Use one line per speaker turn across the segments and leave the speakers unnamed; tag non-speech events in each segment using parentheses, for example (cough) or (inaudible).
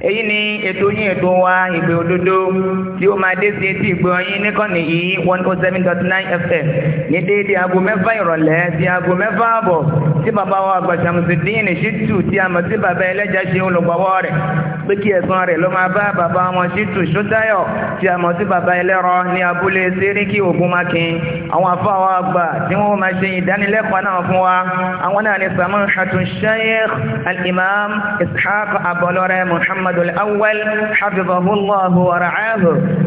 èyí ni ètò yín ètò wa ìgbé òdodo tí ó máa dé sí etí ìgbé ọyìn níkànnì yìí one oh seven dot nine fm ní déédéé aago mẹ́fà ìrọ̀lẹ́ sí aago mẹ́fà àbọ̀ tí bàbá wa Ṣàmùsídíìnì Ṣítù tí a mọ̀ sí bàbá ẹlẹ́jà ṣe olùgbọ́wọ́ rẹ̀ pé kí ẹ̀sán rẹ̀ ló máa bá bàbá wọn Ṣítù Ṣótáyọ̀ tí a mọ̀ sí bàbá ẹlẹ́rọ ní abúlé Séríkì Ògúnmákin àwọn afáwọn àgbà tí wọ́n máa ṣe ìdánilẹ́kọ̀ọ́ náà fún wa àwọn náà ni Samahatu Sheikh Al-Imam Ishaq Abọlọ́rẹ́ Muhammad محمد الأول حفظه الله ورعاه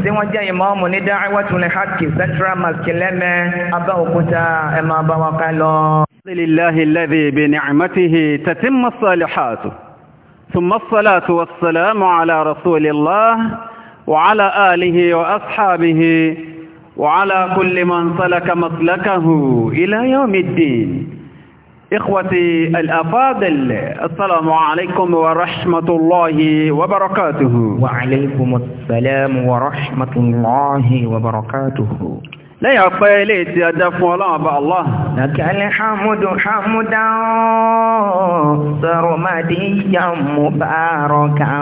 سوى جاي مامو ندعوة لحق سترى ما كلمة أبا كتا
إما أبو لله الذي بنعمته تتم الصالحات ثم الصلاة والسلام على رسول الله وعلى آله وأصحابه وعلى كل من سلك مسلكه إلى يوم الدين إخوتي الأفاضل السلام عليكم ورحمة الله وبركاته وعليكم السلام
ورحمة الله وبركاته
لا يقبل إليتي أدف ولا
الله لك الحمد حمدا سرمديا مباركا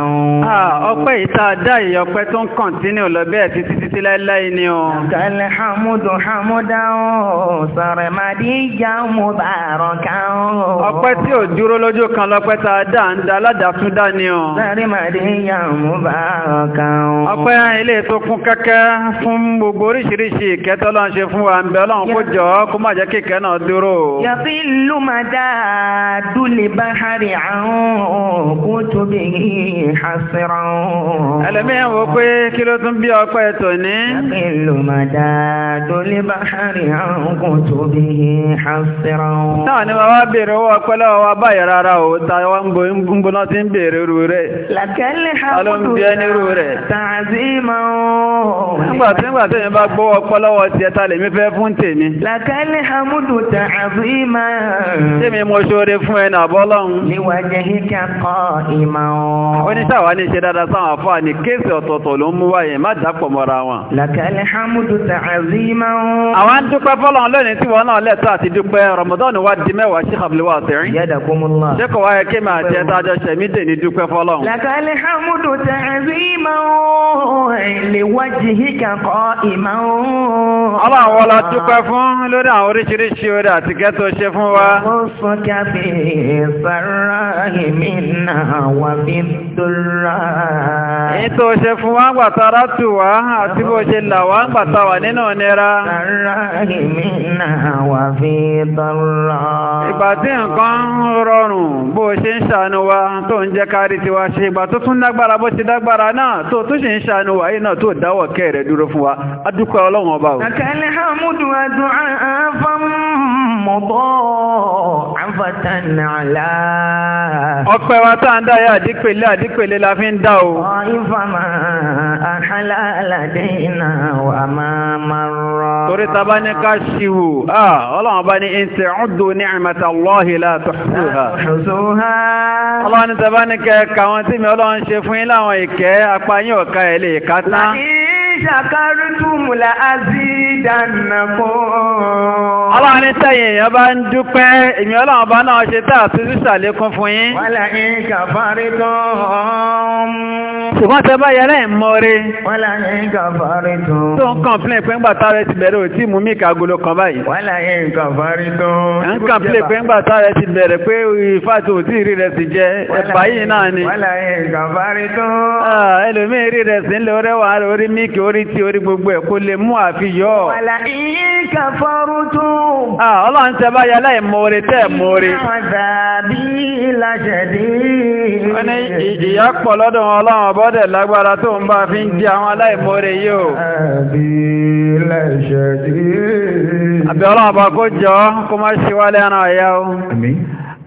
ọpẹ́ ìta dá yìí ọpẹ́ tó ń kọ̀ntínú lọ bẹ́ẹ̀ títí títí láíláí ni ọ. لك الحمد حمدا
سرمديا مباركا. ọpẹ́ tí ò dúró lójú kan lọ́pẹ́ tá dá ń da aládàtúndá ni ọ. sẹrìmàdìyà mubaraka o. ọpẹ́
ilé tó kún kẹ́kẹ́ fún gbogbo oríṣiríṣi ìkẹ́tọ́ lọ́n ṣe fún wa ń bẹ ọlọ́run kó jọ kó má jẹ́ kékeré rẹ̀ náà dúró.
Yàtí ìlú màdá dúlẹ̀ bá hàrì àrùn kó tóbi àṣírà. Ẹlẹ́mìí wo pé kí
ló tún bí ọpẹ́ tò
ní? Yàtí ìlú màdá dúlẹ̀ bá hàrì àrùn kó tóbi
àṣírà. Náà ni wàá bèèrè owó ọpẹ́ lọ́wọ́ wa báyìí rárá o, ta wa ń bo náà ti ń bèèrè irú rẹ̀.
Làkẹ́lẹ̀ ha kò tó tààzí máa
ń nígbà tí èyàn bá gbọ́wọ́ pọ́lọ́wọ́ ti ẹta lè mi fẹ́ fún tèmi.
làkàlẹ̀ hamudu ta àfihìmá. tèmi mo
ṣoore fún ẹ náà bọ́lọ́hun.
níwà jẹ́ kíkà kọ́
ìmọ̀ ọ́. ó ní sàwá ní ṣe dáadáa sáwọn afọ àní kéèsì ọ̀tọ̀ọ̀tọ̀ ló ń mú wáyé má dàpọ̀ mọ́ra wọn. làkàlẹ̀
hamudu ta àfihìmá. àwọn
ń dúpẹ́ fọ́lọ́hun lónìí tí wọ́n náà lẹ́tọ́ àti dúpẹ́ Ramadan wa di mẹ́wàá sí àbúlẹ̀wà tẹ̀rín. yadakumullah. ṣé kò wáyé kí màá jẹ́ dájọ́ ṣẹ̀mí dè ní
kẹ́kọ̀ọ́ ìmọ̀ ooo.
ọlọ́run lọ dúpẹ́ fún lórí àwọn oríṣiríṣi orí àti kẹ́tọ̀ ṣe fún wa. ó sọ
jáde sàrà
èmi náà wà bí dọ́là. èyí ṣe fún wa gbà tara tù wá àti bó ṣe là wá gbà ta wà nínú nira. sàrà nǹkan rọrùn bó ṣe ń ṣàánú wa tó ń jẹ́ kárí tiwa ṣe ìgbà tó tún lágbára bó ti lágbára náà tó tún ṣe ń ṣàánú wa yìí náà tó dáwọ̀ kẹrẹ dẹ̀ dúró fún wa adúpẹ́ ọlọ́run ọba o. àkàlẹ́
hàmúdù àdùn àfọ̀mọ̀bọ̀ àfàtànàlá. ọpẹ́ wa
tá ń dá yá àdípèlé àdípèlé la fi ń dá o.
ìfàmà àhálà àlàdé iná
wà máa máa rọ. torí tábà ní ká ṣíwò ọlọ́run ọba ní ìṣe ọdún ní àmàtà lọ́hìí látọ̀ ṣùgbọ́n. ọlọ́run tábà ní kẹ́ẹ̀ka àwọn tí mi ọlọ́run ṣe fún yín láwọn ìkẹ́ apá yín ọ̀ka ẹ̀ lè ká tán
ṣàkárùtùm la azídànàkùn. ọlọ́run ní
sẹ́yìn èèyàn bá ń dúpẹ́ èmi ọlọ́run bá náà ṣe tá àtúntò ṣàlékún fún yín. wàlà ń kàfárí ṣùgbọ́n tẹ bá yẹrẹ ń mọ́re. ti bẹ̀rẹ̀ òtí mú mi kàgolo kan báyìí. wàlà ń kàfárí ti bẹ̀rẹ̀ pé ìfàtò òtí rí rẹ̀ ti jẹ́ ẹ̀bà orí tí orí gbogbo ẹ̀ kó lè mú àfiyọ́. Wàlà
iye kàfọ́rú tó.
Ọlọ́run tẹ bá yálà ìmoore tẹ́ ìmoore.
Àdàbí ìlàjẹ̀dí.
Wọ́n ní ìyá pọ̀ lọ́dọ̀ wọn ọlọ́run ọbọ̀dẹ̀ lágbára tó ń bá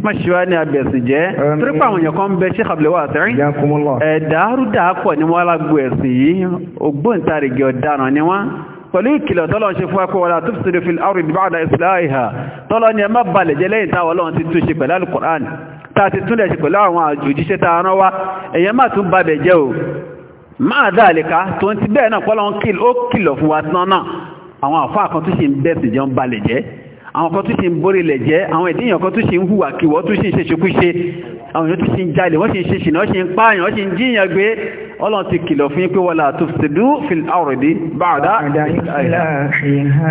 máṣíwá ní abẹ̀sì jẹ́ torípa àwọn èèyàn kan bẹ ṣe kàbílẹ̀ wà sẹ́rin ẹ̀dàrúdà pọ̀ ní wọ́n lágbo ẹ̀sìn yìí ògbóǹtarìgì ọ̀daràn ni wọ́n pẹ̀lú ìkìlọ̀ tọ́lọ̀ ṣe fún akọ́ wọlá tó fi sílẹ̀ fi àrùn ìdìbò àdá ìsìláìhà tọ́lọ̀ ni ẹ má balẹ̀ jẹ́ lẹ́yìn táwọn ọlọ́run ti tún ṣe pẹ̀lú alukọ̀rán tá a ti tún lẹ̀ ṣe pẹ̀lú àwọn àjòjíṣẹ́ tá a rán wá èèyàn má tún babẹ̀ jẹ́ o máa dá àlèká tó ń ti bẹ́ẹ̀ náà pọ́lọ́ ó kìlọ̀ fún wa tán náà àwọn àfáà kan ń bẹ́ẹ̀ sì jẹun balẹ̀ jẹ́ àwọn kan tún ṣe ń borí ilẹ̀ jẹ́ àwọn ìdíyàn kan tún ṣe ń hùwà kíwọ́ tún ṣe ń ṣe ṣokúṣe àwọn èèyàn tún ṣe ń jalè wọ́n ṣe ń ṣe ṣìnà wọ́n ṣe ń pààyàn ṣe ń jíyàn gbé ọlọ́run ti kìlọ̀ fún yín pé wala tufsidu fil ardi ba'da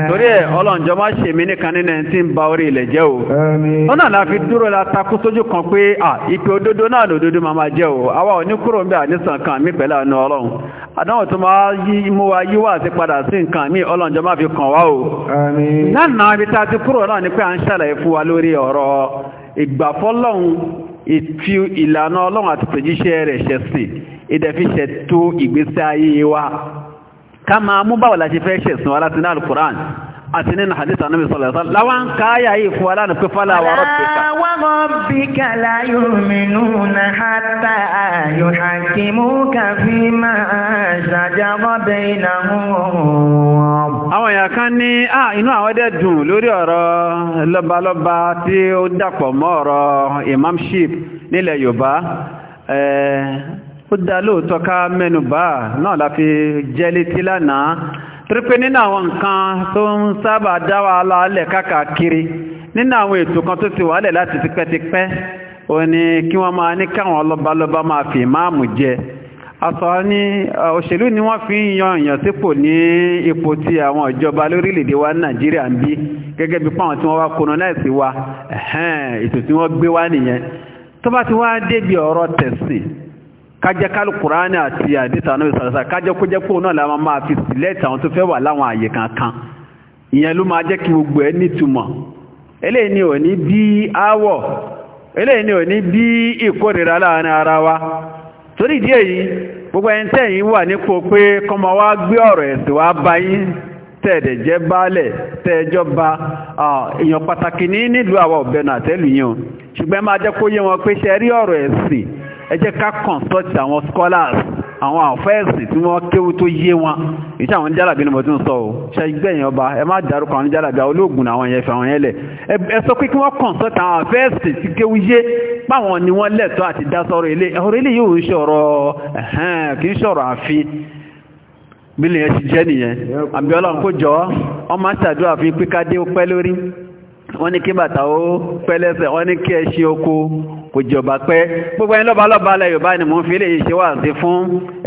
torí ẹ̀ ọlọ́njọ́ máa ṣe mí nìkan nínú ẹni tí ń ba orí ilẹ̀ jẹ́ o ó náà láfi dúró la takú sójú kan pé ìpè òdodo náà ní òdodo máa máa jẹ́ o àwa ò ní kúrò ń bẹ àníṣàn kan mí pẹ̀lú àánú ọlọ́run àdánwò tó máa mú wa yí wà sí padà sí nǹkan mí ọlọ́njọ́ máa fi kàn wá o lánàá náà ìgbàfọ́lọ́hun ìfi ìlànà ọlọ́run àti tòjíṣẹ́ rẹ̀ ṣẹ̀sìn ìdẹ̀fíṣẹ̀ tó ìgbésí ayé wa ká máa mú báwo la fẹ́ ṣẹ̀sùn aláti náà alukuran àti nínú hadith anabi sallallahu alaihi láwọn káyà yìí fún aláàánú pé fálà
wa rabbika la yu'minuna hatta yuhakkimuka fima shajara bainahum.
àwọn èèyàn kan ní ah, inú àwọn dẹ̀ dùn lórí ó dá lóòótọ́ ká mẹ́nubà náà la fi jẹ́ létí lánàá torí pé nínú àwọn nǹkan tó ń sábà dá wàhálà alẹ̀ káàkiri nínú àwọn ètò kan tó ti wàhálẹ̀ láti tipẹ́tipẹ́ ó ní kí wọ́n máa ní káwọn ọlọ́balọ́ba máa fi máàmù jẹ asọ ní òṣèlú ni wọ́n fi ń yan èèyàn sípò ní ipò tí àwọn ìjọba lórílẹ̀‐èdè wa nàìjíríà ń bí gẹ́gẹ́ bí pàwọn tí wọ́n wá colonize wa ètò tí wọ́n gbé wá nìyẹn tó bá ti wá débi ọ̀rọ̀ tẹ̀sìn kájẹ́ kálù kùránì àti àdìsá náà sọ̀rọ̀sà kájẹ́ kó jẹ́ pò náà la máa fi sílẹ̀tì àwọn tó fẹ́ wà láwọn àyè kankan ìyẹn ló máa jẹ́ kí gbogbo ẹ nítumọ̀ eléyìí ni ò ní bí áwọ̀ eléyìí ni ò ní bí ìkórìíra láàrin ara wa torí ìdí èyí gbogbo ẹni tẹ́yìn wà nípò pé kọ́mọ wa gbé ọ̀rọ̀ ẹ̀sìn wa bá yín tẹ́ẹ̀dẹ̀ jẹ́ baálẹ̀ tẹ́ẹ̀jọba èèyàn pàtàkì ní nílùú àwa ọ̀bẹ̀nà àtẹ́lù yẹn o ṣùgbọ́n máa jẹ́ kó yé wọn pé ṣe rí ọ̀rọ̀ ẹ̀sìn ẹ jẹ́ ká consult àwọn scholars àwọn àfẹ́ẹ̀sì tí wọ́n kéwú tó yé wọn ìṣe àwọn jálàbí ni mo tún sọ o ṣẹ́gbẹ̀yìn ọba ẹ má dárúkọ àwọn jálàbí olóògùn àwọn yẹn fẹ́ àwọn yẹn lẹ̀ ẹ sọ pé kí wọ́n consult àwọn àfẹ́ẹ̀sì tí kéwú yé páwọn ni wọ́n lẹ̀tọ́ àti dá sọ̀rọ̀ ilé ọ̀rọ̀ ilé yóò ń ṣọ̀rọ̀ kì í ṣọ̀rọ̀ àfi bí lè ṣe jẹ́ nìyẹn àbí ọlọ́run kò jọba pẹ́ gbogbo ẹni lọ́ba lọ́ba alẹ́ yorùbá ni mò ń fi lè ṣe wà sí fún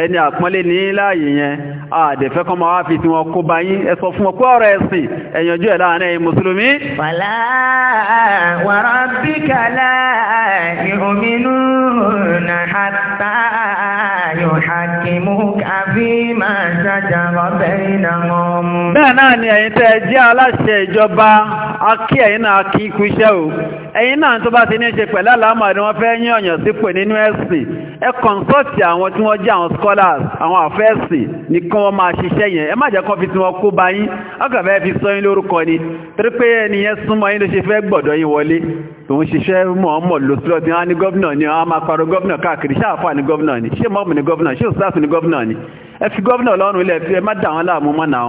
ẹni àpọ́nlé ní láàyè yẹn àdẹ̀fẹ́ kan máa fi tí wọn kó bá yín ẹ fún wọn ọ̀rọ̀ ẹ̀sìn ẹ̀yànjú ẹ̀ láàrin mùsùlùmí. wàlá la yu'minuna
hatta yuhakkimuka fima shajara bainahum.
bẹ́ẹ̀ náà ni ẹ̀yin tẹ́ ẹ tó bá ti ní ṣe pẹ̀lú àlámà ni wọ́n fẹ́ yín ọ̀yàn sípò nínú ẹ̀sìn ẹ kọ̀ǹsọ́ọ̀tì àwọn tí wọ́n jẹ́ àwọn scholars àwọn àfẹ́ẹ̀sìn ní kí wọ́n máa ṣiṣẹ́ yẹn ẹ má jẹ́ kán fi tí wọ́n kó bá yín ọkàfẹ́ fi sọ yín lórúkọ ni torí pé ẹni yẹn súnmọ́ yín ló ṣe fẹ́ gbọ́dọ̀ yín wọlé tòun ṣiṣẹ́ mọ̀ọ́mọ̀ lọ sílọ́ tí wọ́n ní gọ́vnà ni wọ́n máa parọ́ gọ́vnà káàkiri ṣé àfà gọ́vnà ni ṣé mọ́ọ̀mù ní gọ́vnà ṣé òṣìṣẹ́ àti gọ́vnà ni ẹ fi gọ́vnà lọ́rùn ilẹ̀ ẹ má dà wọ́n láàmú mọ́ náà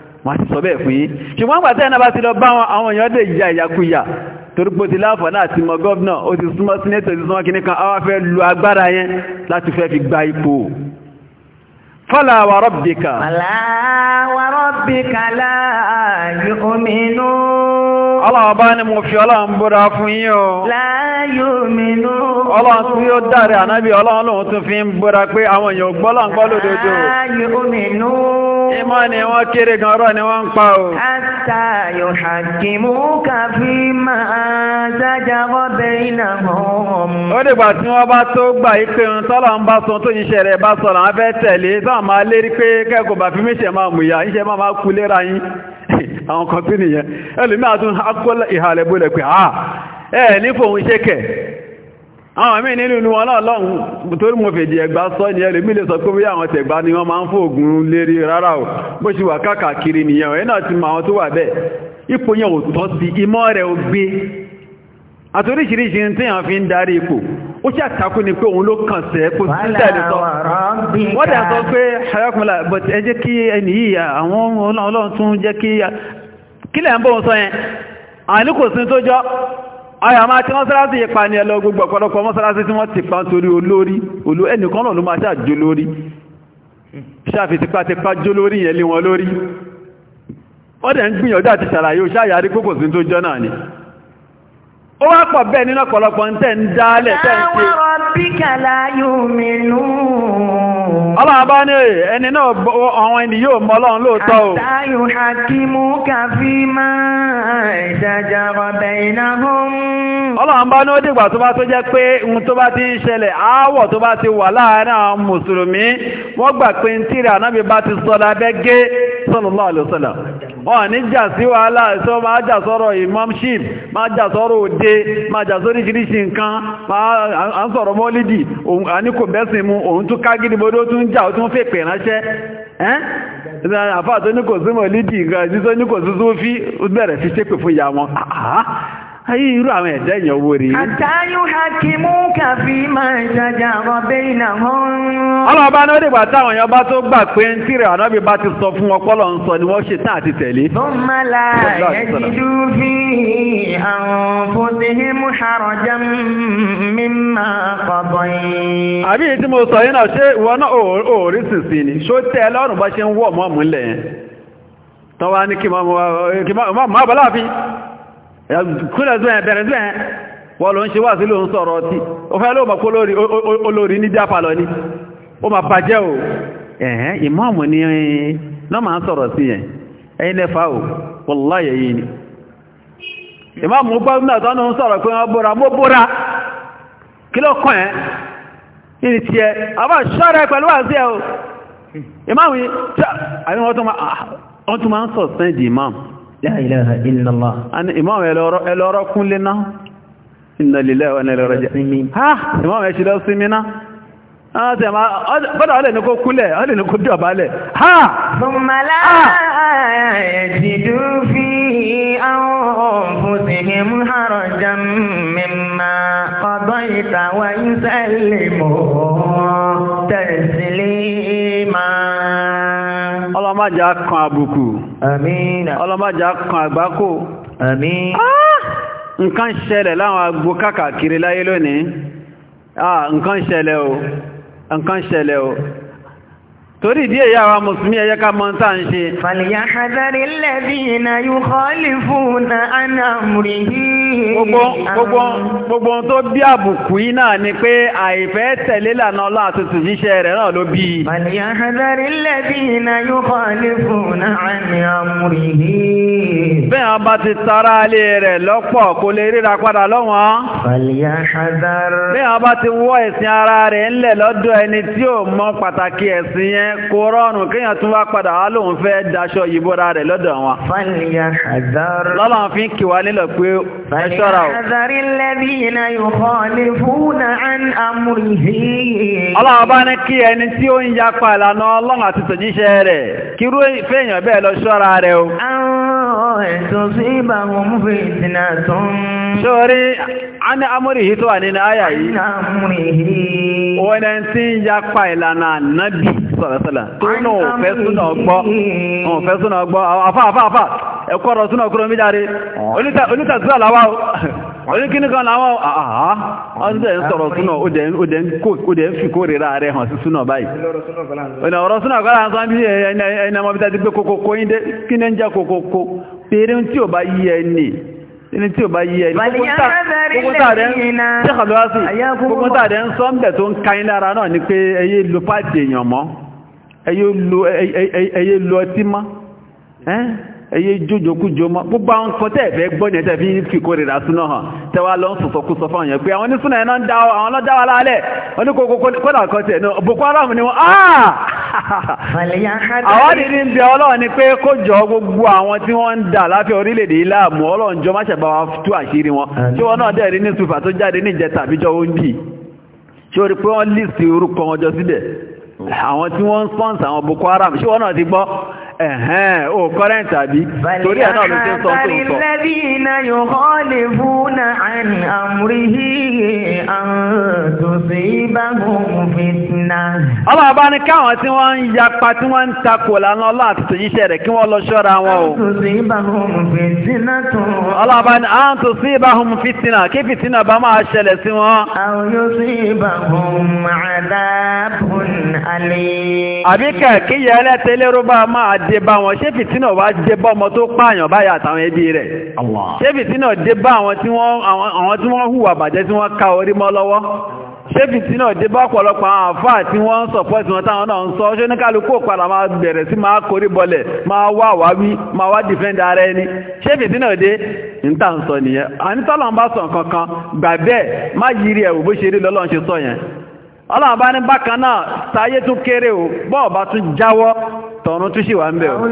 wọ́n ti sọ bẹ́ẹ̀ fún yín ṣùgbọ́n gbàtẹ́ ẹ̀nà bá ti lọ bá àwọn èèyàn lè ya ìyàkúyà torípò ti láàfọ̀ náà ti mọ gọ́ọ̀nà ó ti súnmọ́ sínétò ti súnmọ́ kíní kan lu agbára yẹn láti fẹ́ fi gba ipò fọ́lá wa rọ́bìkà. fọ́lá wa rọ́bìkà láàyò mínú. ọlọ́wọ́ bá ní mo fi ọlọ́run búra fún yín o. láàyò mínú. ọlọ́run tún yóò dáre ànábì ọlọ́run lòun tún fi ń búra pé àwọn èèyàn gbọ́lọ̀ ń gbọ́ lódodo. láàyò mínú. ìmọ̀ ni wọ́n kéré gan ọ̀rọ̀ ni wọ́n ń pa o. àtà yóò hàkìmù kàfí
máa sájà rọ́bẹ̀ ìnáwó.
ó dìgbà tí wọ́n bá tó gbà yí tọ́lọ́ ń bá sọ tó yín ṣẹlẹ̀ bá sọ̀rọ̀ àwọn fẹ́ tẹ̀lé táwọn ma lérí pé kẹ́kọ̀ọ́ bá fi méṣẹ̀ máa mú ìyá iṣẹ́ máa máa kú léra yín (laughs) àwọn kan nìyẹn ẹlòmí àtún akọ́ ìhàlẹ̀ bólẹ̀ pé à ah, ẹ̀ ní fòun iṣẹ́ kẹ̀ àwọn míì nínú inú wọn sọ ni ẹlòmí lè sọ pé bí àwọn tẹ̀gbá ni wọ́n máa ń fòògùn lérí rárá o bó ṣe wà káàkiri ẹ̀ náà ti ó ṣe àtàkù ni pé òun ló kàn sẹ́ kó sí tẹ̀lé sọ wọ́n dà sọ pé ayakunla but ẹ jẹ́ kí ẹni yìí àwọn ọlọ́run tún jẹ́ kí kílẹ̀ ń bọ̀ ń sọ yẹn àní kò sí tó jọ àyà máa tí mọ́sálásí ipa ni ẹlọ gbogbo ọ̀pọ̀lọpọ̀ mọ́sálásí tí wọ́n ti pa nítorí olórí olú ẹnìkan náà ló máa ṣàjò lórí ṣáàfi tipátipá jó lórí yẹn lé wọn lórí wọ́n dẹ̀ ń gbìyànjú àti ṣàlàyé òṣáyàrí kókò sí tó jọ náà ni ó wá pọ̀ bẹ́ẹ̀ nínú ọ̀pọ̀lọpọ̀ ń tẹ́ ń dálẹ̀ tẹ́ ń ṣe. bí yóò ẹni náà àwọn ẹni yóò mọ
ọlọ́run lóòótọ́ o. àtàyò hakimu kàfí máa ìdájà ọbẹ̀
iná hóm. bá ní ó dìgbà tó bá tó jẹ́ pé ohun tó bá ti ń ṣẹlẹ̀ aáwọ̀ tó bá ti wọn ní jà sí wàhálà ẹ̀sọ́ máa jà sọ́rọ̀ imamship máa jà sọ́rọ̀ òde máa jà sórí ṣiríṣi nǹkan máa ń sọ̀rọ̀ mọ́lídì àníkò bẹ́sìn mú òun tún kágídí bó tún jà ó tún fèpè ránṣẹ́ àfáà tó ní kò sí tó ní kò sí ayé irú àwọn ẹ̀dá èèyàn wo rèé.
àtàyù hakimu kàfi máa ń ṣàjà ọ̀bẹ iná
táwọn bá tó gbà pé ń bá ti sọ fún ọpọlọ ń ni wọ́n ṣe àti tẹ̀lé.
fi àwọn mú kọ̀bọ̀ yìí.
àbí tí mo sọ yín náà ṣé ìwọ náà ni ṣó tẹ lọ́rùn bá ṣe ń wọ̀ mọ́ kúlẹ̀ sí ẹ̀ bẹ̀rẹ̀ sí ẹ̀ wọ́n ló ń ṣe wá sí lóun sọ̀rọ̀ ọtí o fẹ́ ló mọ̀ kó olórí ní jápa lọ ní o ma bàjẹ́ o ẹ̀hẹ́n ìmọ́ọ̀mù ni náà máa ń sọ̀rọ̀ sí yẹn ẹ̀yìn lẹ́fà o wọ́láyẹ̀ yìí ni ìmọ́ọ̀mù gbọ́gbọ́n tó ń sọ̀rọ̀ pé wọ́n bóra mọ́ bóra kí ló kàn ẹ́ yìí ti ẹ àbá ṣọ́rẹ́ pẹ̀lú wà sí ẹ o ìmọ́ọ̀mù yìí لا إله إلا الله أنا إمام إلى رأى كلنا إن لله وإن إلى رجع ها إمام إيش لو سمينا آه، هذا ما آه، بدأ عليه نقول كله عليه نقول جواب عليه ها ثم
لا آه. يجد فيه أنفسهم حرجا
agbako! kan àbùkù ọlọ́májá kan àgbákò ah! nǹkan ṣẹlẹ̀ láwọn agbó káàkiri láyé lónìí ah, o nǹkan ṣẹlẹ̀ o torí ìdí èyí àwọn mùsùlùmí ẹ̀yẹ́ ká mọ́ tàà ń ṣe. fàlìyà
àdárí lẹ́bí iná yóò kọ́lì fún àná
gbogbo tó bí àbùkù yìí ni pé àìfẹ́ tẹ̀lé lànà ọlọ́ àtútù jíṣẹ́ rẹ̀ náà ló bí. fàlìyà
lẹ́bí iná yóò kọ́lì
fún àná àmúrí yìí. bá ti tara alẹ́ rẹ̀ lọ́pọ̀ kó lè yẹn kò rọrùn kíyàn tún wá padà wá lóun fẹ́ daṣọ yìí rẹ̀ lọ́dọ̀ wọn. lọ́lọ́run fi ń kì wá pé ẹ ṣọ́ra ọlọ́run bá ní kí ẹni tí ó ń yapa ìlànà ọlọ́run àti tòjíṣẹ́ rẹ̀ kí irú fẹ́yàn bẹ́ẹ̀ lọ ṣọ́ra rẹ̀ o.
تصيبهم فتنة
sórí àní amúrì yìí tó wà nínú àyà yìí wọ́n ẹni tí ń yapa ìlànà nábì sọ̀rọ̀sọ̀lá tó náà fẹ́ súnà ọgbọ́ ọ̀fẹ́ súnà ọgbọ́ àfá àfá àfá ẹ̀kọ́ ọ̀rọ̀ súnà kúrò mídáre onítàtúrà láwá oníkíní kan láwọn àhá ọ́njẹ́ ń sọ̀rọ̀ súnà ó dẹ̀ ń fi kórìíra rẹ̀ hàn sí súnà báyìí ọ̀rọ̀ súnà kọ́lá ń sọ bí ẹni ọmọ bèèrè tí ò bá yí ẹni ní tí ò bá yí ẹni gbogbo tààrẹ ń sọ mẹ́ tó ń káyín lára náà ni pé ẹyẹ lo pàdé èèyàn mọ́ ẹyẹ lo ọtí mọ́ ẹyẹ jójókújó mọ́ gbogbo àwọn kan tẹ́ ẹ̀fẹ́ gbọ́ yẹn tẹ́fí ní kíkó rẹ̀ lásúná hàn tẹ́wàá lọ ń sọ̀sọ̀ kú sọ fún àwọn yẹn pé wa lálẹ́ oníkókó kódà kan tẹ̀ náà Boko Haram ni wọ́n
àwọn àdìrí ń bẹ ọlọ́run
ni pé kó jọ gbogbo àwọn tí wọ́n ń dà láfẹ́ orílẹ̀-èdè ìlàmù ọlọ́run jọ má ṣẹ̀bà wọn tú àṣírí wọn tí wọ́n náà dẹ̀rí ní sùfà tó jáde ní ìjẹta àbíjọ oúnjì ṣé o rí pé wọ́n lìsì orúkọ wọn jọ síbẹ̀ àwọn tí wọ́n ń sponsor àwọn Boko Haram ṣé wọ́n náà ti gbọ́ ẹ̀hẹ́n ó kọ́rẹ́ tàbí torí ẹ̀nà ló ṣe ń sọ tó ń sọ. lẹ́bí
iná yóò kọ́ lè fún àní àmúríhì àtúnṣe ìbágun fìtínà.
ọlọ́ bá ní káwọn tí wọ́n ń yapa tí wọ́n ń takò lánà ọlọ́ àtúnṣe yíṣẹ́ rẹ̀ kí wọ́n lọ ṣọ́ra wọn o. àtúnṣe ìbágun fìtínà tún. ọlọ́ bá ní àtúnṣe ìbágun fìtínà kí fìtínà bá máa ṣẹlẹ̀ dé bá wọn ṣé fìtínà wá dé bá ọmọ tó pààyàn báyà àtàwọn ẹbí rẹ̀ ṣé fìtínà dé bá àwọn tí wọ́n hùwà bàjẹ́ tí wọ́n ká orí mọ́ lọ́wọ́ ṣé fìtínà dé bá ọ̀pọ̀lọpọ̀ àwọn àfáà tí wọ́n ń wọn táwọn náà ń sọ ṣé ní padà máa bẹ̀rẹ̀ sí máa korí bọlẹ̀ máa wá wáwí máa wá dìfẹ́ǹdà ara ẹni ṣé fìtínà dé níta ń sọ nìyẹn ànítọ́lọ́ ń bá sọ nǹkan kan gbà bẹ́ẹ̀ má yiri ẹ̀wò bó ṣe rí lọ́lọ́ ṣe sọ yẹn ọlọ́run bá ní bákan náà táyé tún kéré o bọ́ọ̀ bá tún jáwọ́ tọ̀run tún sì wà ń bẹ̀ o.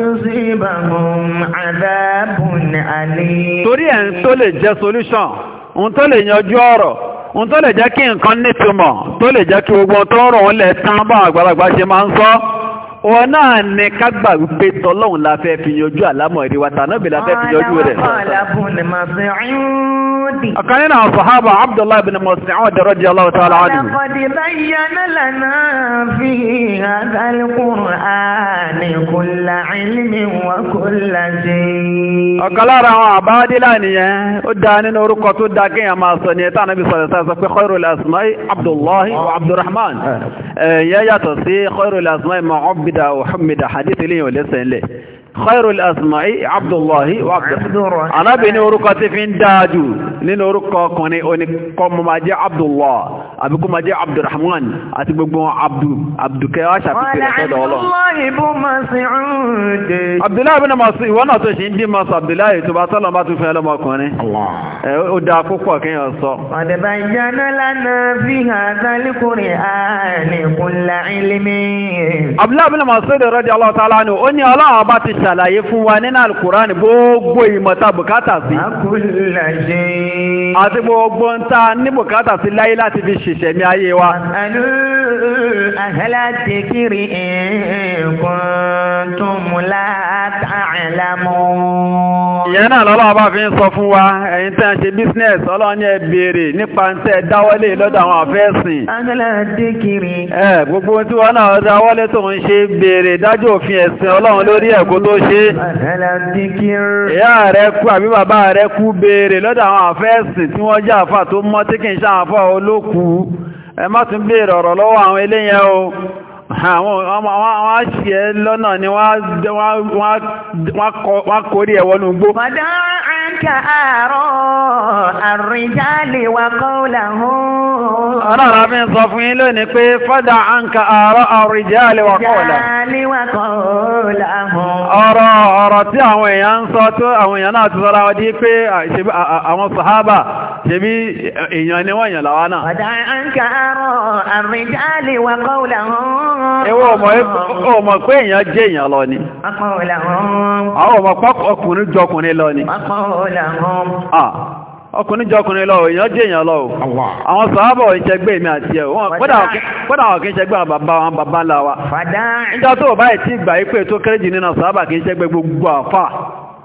torí ẹ̀ ń tó lè jẹ́ solution ń tó lè yanjú ọ̀rọ̀ ń tó lè jẹ́ kí nǹkan nítumọ̀ tó lè jẹ́ kí gbogbo tó rọ̀ ń lẹ̀ tán báwọn àgbàlagbà ṣe máa ń sọ wọn náà ní kágbà wípé tọlọ́hun la fẹ́ fi yanjú àlámọ̀ ìdí wa tànábì la fẹ́ fi yanjú rẹ̀. ọ̀kan nínú àwọn sàhábà abdullahi bin Mas'ud radiyallahu ta'ala anhu
kùlà ilmi wa kùlà ṣe.
ọ̀kan lára àwọn àbáwádìlá nìyẹn ó dá nínú orúkọ tó dá kéèyàn máa sọ ní ẹ̀tàn Ànábì sọ̀rọ̀ sọ pé khairul asma'i abdullahi wa abdurrahman ẹ̀yẹ́ yàtọ̀ sí khairul asma'i ma'ubida wa hadith ilé yìí lẹ́sẹ̀ ńlẹ̀ khairul asma'i abdullahi wa abdullahi anabi ni orúkọ tí fi ń dáájú nínú orúkọ ọkùnrin oní kọmọ ma jẹ́ abdullah àbí kó ma jẹ́ abdurrahman àti gbogbo abdu abdukẹ́ wá ṣàfihàn ẹ̀sọ́dọ̀ ọlọ́ abdullahi bin masu ìwọ́n náà tó ṣe ń dí masu abdullahi tó bá sọ́lọ bá tún fẹ́ lọ́mọkùnrin ó dá púpọ̀ kí yàn sọ abdullahi bin masu ìdọ̀rọ̀ di ọlọ́ta lánàá ó ní ọlọ́run bá ti ṣàlàyé fún wa nínú alukurani gbogbo ìmọ̀ta bùkátà sí. àti gbogbo ń ta ní bùkátà sí láyé láti fi ṣiṣẹ́ mi ayé wa. àlù
àhálà ti kiri nǹkan tó mú látàlámọ́
ìyẹn náà lọ́lọ́wọ́ bá fi ń sọ fún wa ẹ̀yin tẹ́ ń ṣe business ọlọ́ni ẹ béèrè nípa ń tẹ́ dáwọ́lé lọ́dọ̀ àwọn àfẹ́sìn ẹ gbogbo tí wọ́n náà dáwọ́lé tó ń ṣe béèrè dájú òfin ẹ̀sìn ọlọ́run lórí ẹ̀kọ́ tó ṣe ìyá rẹ kú àwọn aṣẹ́ lọ́nà ni wọ́n kórí ẹ̀wọ́nú gbó. Bọ̀dá àǹkà àárọ̀
àrìjálè wà kọ́ọ̀lá hún. Ọlọ́run fi ń sọ
fún yín lónìí pé fọ́dà àǹkà àárọ̀ àrìjálè wà kọ́ọ̀lá. Ọ̀rọ̀ ọ̀rọ̀ tí àwọn èèyàn ń sọ tó àwọn èèyàn náà ti sọ́ra wọ́n di pé àwọn sàhábà tèmi èèyàn ni wọ́n yàn láwá náà. ọ̀dà
àǹkà àrọ̀ àrìndáàlì wà kọ́ọ̀lá hàn. ewé ọmọ
pé èèyàn jẹ́ èèyàn lọ ni.
àwọn
ọmọ pọ́kọ̀ jọkùnrin lọ ni. ọkùnrin jọkùnrin lọ èèyàn jẹ́ èèyàn lọ àwọn ìṣẹ́gbé mi àti ẹ̀ wọ́n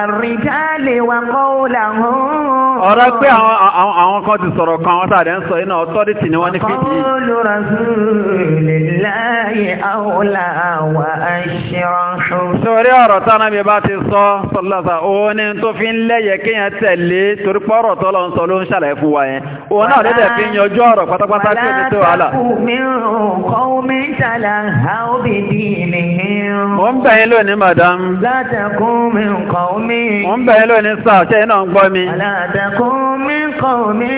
àrídáàlè wà kọ́ọ̀lá hàn.
ọ̀rọ̀ pé àwọn kan ti sọ̀rọ̀ kan àwọn tàbí ń sọ iná ọ̀tọ́rìtì ni wọ́n ní fìdí. kọ́ọ̀lù
wa ashrahu.
sórí ọ̀rọ̀ tánà mi bá ti sọ sọlọ́sà òun ni tó fi ń lẹ́yẹ kéèyàn tẹ̀lé torí pọ́rọ̀ tọ́lọ́ kọ̀ọ̀mí. Wọ́n bẹ̀rẹ̀ lónìí sáà tẹ́yìn náà ń gbọ́ mi. Àlàdàkùn mi kọ̀ọ̀mí.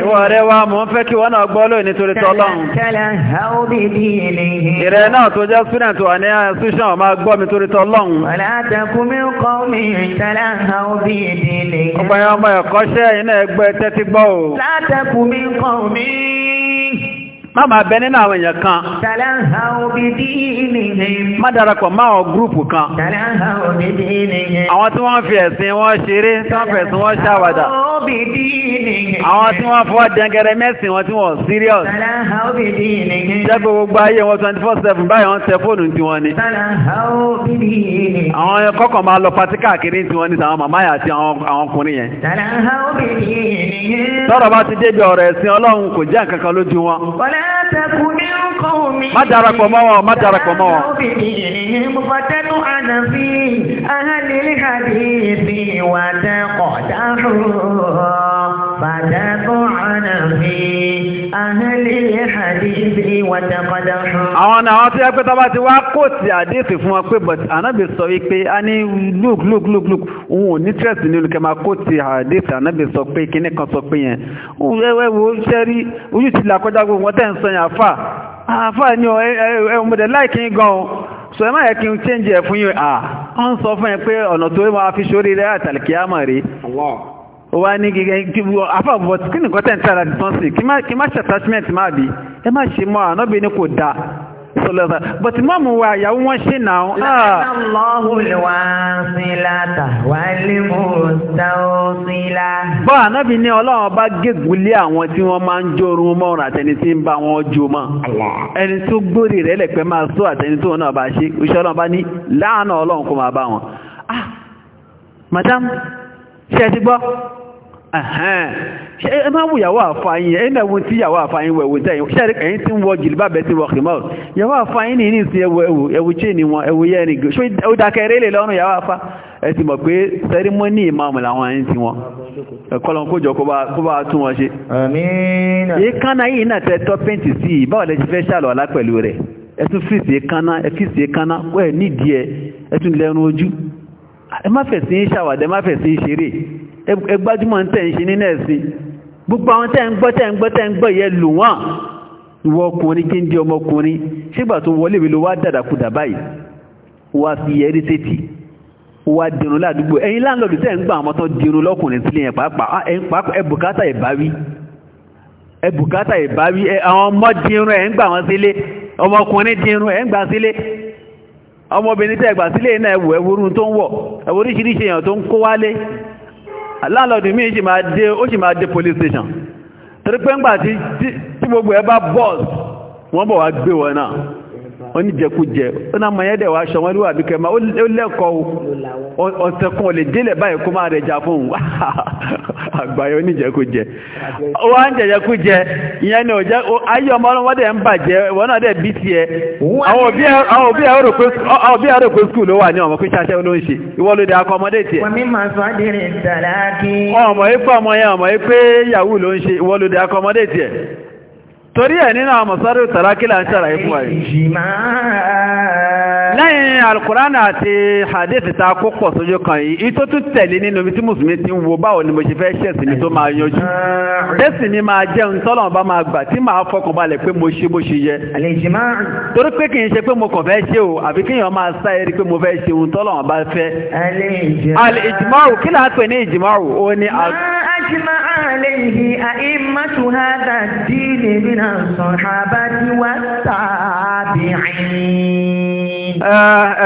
Ìwọ̀ rẹ̀ wa mọ̀ ń fẹ́ kí wọ́n náà gbọ́ lónìí torí tọ́lọ́run.
Kẹ́lẹ̀ ha ó bí bí ilé.
Ìrẹ̀ náà tó jẹ́ student wà ní institution máa gbọ́ mi torí tọ́lọ́run.
Àlàdàkùn mi kọ̀ọ̀mí kẹ́lẹ̀ ha ó bí
bí ilé. Ọ̀pọ̀ ẹ̀yàn ọmọ ẹ̀kọ́ṣẹ́ iná ẹgbẹ́ tẹ́tí gbọ́ o.
Àlàdàkùn mi kọ̀ọ̀mí
má máa bẹ nínú àwọn èèyàn kan. má darapọ̀ má àwọn gúrùpù kan. àwọn tí wọ́n fi ẹ̀sìn wọn ṣeré tí wọ́n fi ẹ̀sìn wọn ṣàwàdà. àwọn tí wọ́n fọ́ dẹngẹrẹ mẹ́sìn wọn tí wọ́n serious. jẹ́ gbogbo ayé wọn twenty four seven báyìí wọ́n tẹ fóònù tiwọn ni. àwọn yẹn kọ́kọ́ máa lọ patí káàkiri tiwọn ni tàwọn màmá yà àwọn ọkùnrin
Má darapọ̀ mọ́ wọn, má darapọ̀ mọ́ wọn. Fàtẹ́kù ànàfíì àwọn
náà wọ́n tí ẹ pé tọ́bá ti wá kò tí àdífì fún wọn pé but anábì sọ wípé a ní look look look look òun ò ní stress nínú kẹma kò tí àdífì anábì sọ pé kíní kan sọ pé yẹn ẹwẹ́wẹ́ ó ṣẹ́rí ojú ti là kọjá gbogbo tẹ́ ń sọ yẹn àfà àfà ni ọmọdé láìkí gan so ẹ má yẹ kí n change ẹ fún yín à ń sọ fún yẹn pé ọ̀nà tó máa fi ṣorí rẹ àtàlìkíyàmọ̀ rí. Allah wá ní gẹ́gẹ́ kí wọ́n afáàbọ̀ kí nìkan tẹ̀ ń tara nìkan sí kí má ṣe attachment máa bí ẹ má ṣe mọ́ ànábì ní kò dáa sọlọ́dà but má mú wa àyàwó wọn ṣe ah. la. bọ́ ànábì ní náà bá ọlọ́run kó máa bá wọn. ah madam ṣe ti gbọ́ ṣe ẹ máa wù yàwó àfààyìn ẹ náà wù tí yàwó àfààyìn wọ ẹwù tẹyìn ṣe ẹyìn tí ń wọ jìlìbà bẹ́ẹ̀ ti wọ kìmọ yàwó àfààyìn ní ìsìn ẹwù ẹwù ẹwù tí ni wọn ẹwù yẹ ẹni gbé ṣé ó dákẹ́ eré lè lọ́rùn yàwó àfà ẹ ti mọ̀ pé sẹrímọ́nì ìmáàmù làwọn ẹni tí wọn kọlọ̀ kó jọ kó bá tún wọn ṣe. ìkànnà yìí náà ẹ má fẹ̀ sí ń ṣàwàdà ẹ má fẹ̀ sí ń ṣeré ẹ gbájúmọ̀ ń tẹ̀ ń ṣe nínú ẹ̀sìn gbogbo àwọn tẹ́ ń gbọ́ tẹ́ ń gbọ́ tẹ́ ń gbọ́ yẹ lù wọ́n ìwọ ọkùnrin kí ń di ọmọkùnrin ṣígbà tó wọlé ìwé ló wá dàdàkudà báyìí wá fi ẹrí sétí wá dirun ládùúgbò ẹ̀yin láńlọ́ọ̀dù tẹ́ ń gbà àwọn tán dirun lọ́kùnrin ọmọbìnrin tẹ́gbà sílé iná ẹwù ẹwúrú tó ń wọ̀ ẹwù oríṣiríṣi èèyàn tó ń kó wálé láàlọ́dún mí ó sì máa dé police station torí pé ńgbà tí gbogbo ẹ bá bọ́ọ̀s wọ́n bọ̀ wá gbé wọn náà ó ní jẹkújẹ ó náà mọ̀yẹ́dẹ̀ wá ṣọwọ́n lúwà bí kẹma ó lẹ́kọ̀ọ́ ọ̀sẹ̀kùn ò lè délẹ̀ báyìí kó máa rẹ̀ jà fún un (laughs) àgbáyé oníjẹkújẹ ó wá ń jẹjẹkújẹ ìyẹn ni òjẹ́ ayé ọmọ ọlọ́wọ́ dẹ̀ ń bàjẹ́ wọ́n náà dẹ̀ bí tiẹ̀ àwọn òbí ẹ̀ pé skul wà ní ọmọ pínṣẹ́ ló ń ṣe ìwọ akọ ọmọdé tiẹ̀ ọmọ ló ń ṣe akọ torí ẹ̀ nínú àwọn mọ̀sáré tàlákílà ń ṣàlàyé fún àyè lẹ́yìn alkùránà àti hadith ta kó pọ̀ sójú kan yìí ìtó tún tẹ̀lé nínú ibi tí mùsùlùmí ti ń wo báwo ni mo ṣe fẹ́ ṣẹ̀sì ni tó máa yanjú bẹ́sì ni máa jẹun tọ́lọ̀ bá máa gbà tí máa fọkàn balẹ̀ pé mo ṣe bó ṣe yẹ torí pé kì í ṣe pé mo kàn fẹ́ ṣe o àfi kéèyàn máa sá pé mo fẹ́ ṣe ohun tọ́lọ̀ bá fẹ́ alìjìmáwò kí láà pè ní ìjìmáwò ó ní
أجمع عليه أئمة هذا الدين من الصحابة والتابعين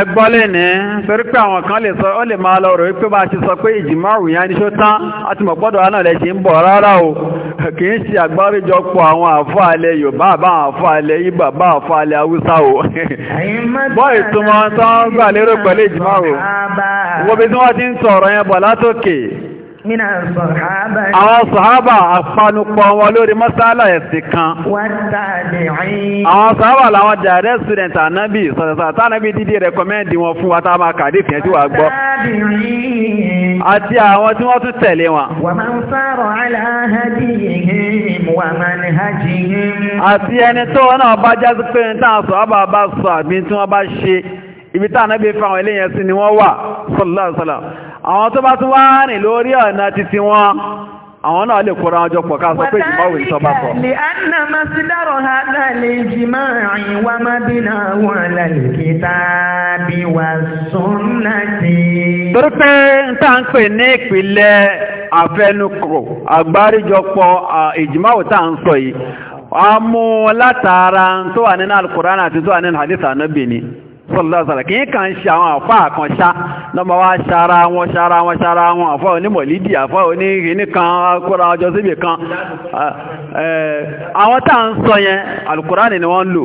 ẹgbọ́n lè ní torí pé àwọn kan lè sọ ó lè máa lọ rò wípé bá ti sọ pé ìjìmọ̀ òyìn ní ṣó tán àti mọ̀gbọ́dọ̀ àná lè ṣe ń bọ̀ rárá o kì í ṣe àgbáríjọpọ̀ àwọn àfọ́ alẹ́ Yorùbá àbá àfọ́ alẹ́ Ìgbò àbá àfọ́ alẹ́ Haúsá o bọ́ ìtumọ̀ tán gbà lérò pẹ̀lú ìjìmọ̀ òyìn wo bí tí wọ́n ti ń sọ̀rọ̀ yẹn bọ̀ látòkè Àwọn sàhábà àpanupọ̀ wọn lórí mọ́sálà ẹ̀sìn kan. Àwọn sàhábà làwọn jàrẹ́ student ànábì sọ̀tọ̀sọ̀ àtànábì dídí rẹ̀kọ́mẹ́ndì wọn fún wa tá máa kàdé fìyàn tí wà gbọ́. Àti àwọn tí wọ́n tún tẹ̀lé wọn. Àti ẹni tó náà bá jásí pé ní wọ́n bá ṣe ibi àwọn tó bá tún wá rìn lórí ọ̀nà títí wọn àwọn náà lè kóra ọjọ́ pọ̀ káàsọ pé ìjìmọ̀ òwe sọ sọ. ha torí pé n tá ń pè ní ìpìlẹ̀ àfẹnukò àgbáríjọpọ̀ ìjìmọ̀ tá ń sọ yìí mú sọ́lọ́sọ̀rọ̀ kí n kàn ń ṣe àwọn àfá àkànṣá lọ́mọ wá ṣara wọn ṣara wọn ṣara wọn àfá onímọ̀lídì àfá oníhìní kan kóra ọjọ́ síbì kan àwọn tá ń sọ yẹn alukùránì ni wọ́n lò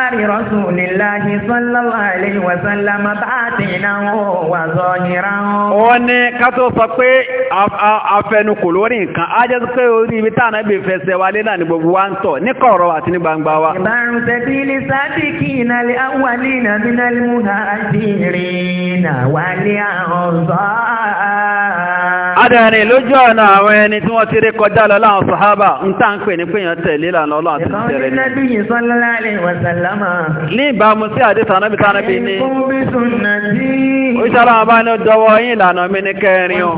آثار رسول الله صلى الله عليه وسلم باطنا وظاهرا
ó ní ká tó sọ pé afẹnukò lórí nǹkan á jẹ́ pé orí ibi táà náà bí fẹsẹ̀ wa lé náà ní gbogbo wa ń tọ̀ ní kọ̀rọ̀ àti ní gbangba wa. ìbárun
tẹ̀bí lè sáàtì kí iná lè wà ní iná bí náà
وسلم níbà mú sí àdísà náà bí sára bí ní ó sára bá ní ọjọ́wọ́ yìí ìlànà mi ní kẹrin o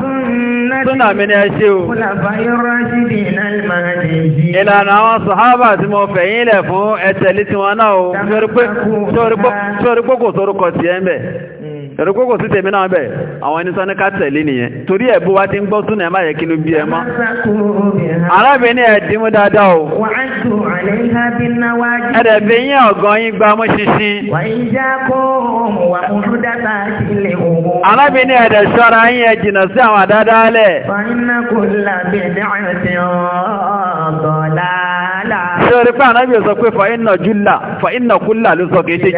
súnà mi ní ẹṣẹ́ o ìlànà àwọn sọ̀hábà tí mo fẹ̀ yìí fún ẹ̀tẹ̀lé náà o sórí pókò sórúkọ̀ sí ẹ̀ Mm. ẹ̀rọ kókò sí tèmi náà bẹ̀ àwọn ẹni ní ká nìyẹn torí ẹ̀ wá ti ń gbọ́ súnà ẹ̀ má bí ẹ arábìnrin ẹ̀ dáadáa o. ẹ̀rẹ̀ bí yín gbámú ṣinṣin. wà á
yá kó alábìnrin ẹ̀dẹ̀ ṣọ́ra
yín ẹ jìnà sí àwọn àdádálẹ̀. ṣe orí pé ànábì sọ pé fa'inna jùlá fa'inna kúlà ló sọ kìí ṣe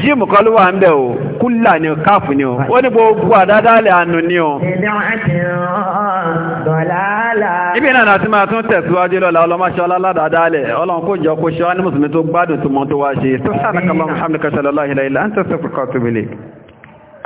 jíìmù kọ́ ló wà ń bẹ̀ o kúlà ni káàfù ni o ó ní gbogbo àdádálẹ̀ ànú ni o. ibi náà láti máa tún tẹ̀síwájú lọ́la ọlọ́mọṣẹ́ ọlọ́ládàádálẹ̀ ọlọ́run kó jọ kó ṣọ́ ní mùsùlùmí tó gbádùn tó mọ́ tó wá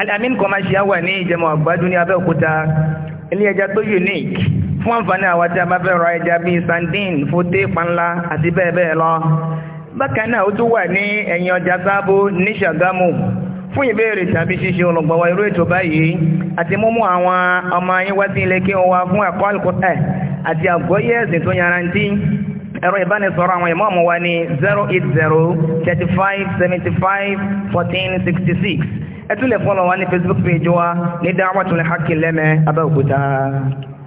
alamin commercial wà ní ìjẹmọ̀ àgbàdún ní abẹ́òkúta ilé ẹja tó unique fún àǹfààní àwọn tí a bá fẹ́ ra ẹja bíi sandin fóté panla àti bẹ́ẹ̀ bẹ́ẹ̀ lọ bákan náà ó tún wà ní ẹ̀yìn ọjà sábó ní ṣàgámù fún ìbéèrè tàbí ṣíṣe olùgbọ̀wọ́ irú ètò báyìí àti mímú àwọn ọmọ yín wá sí ilé kí wọ́n wá fún ẹ̀kọ́ àlùkùtẹ̀ àti àgbọ́yé ẹ̀sìn tó yarantí ẹ̀rọ ìbánisọ̀rọ̀ àwọn ìmọ̀ọ́mù wa ní 080 35 75 14 66 ẹ tún lè fọ́lọ̀ wa ní Facebook page wa ní Da'watul Haqqi lẹ́mẹ̀ẹ́ Abẹ́òkúta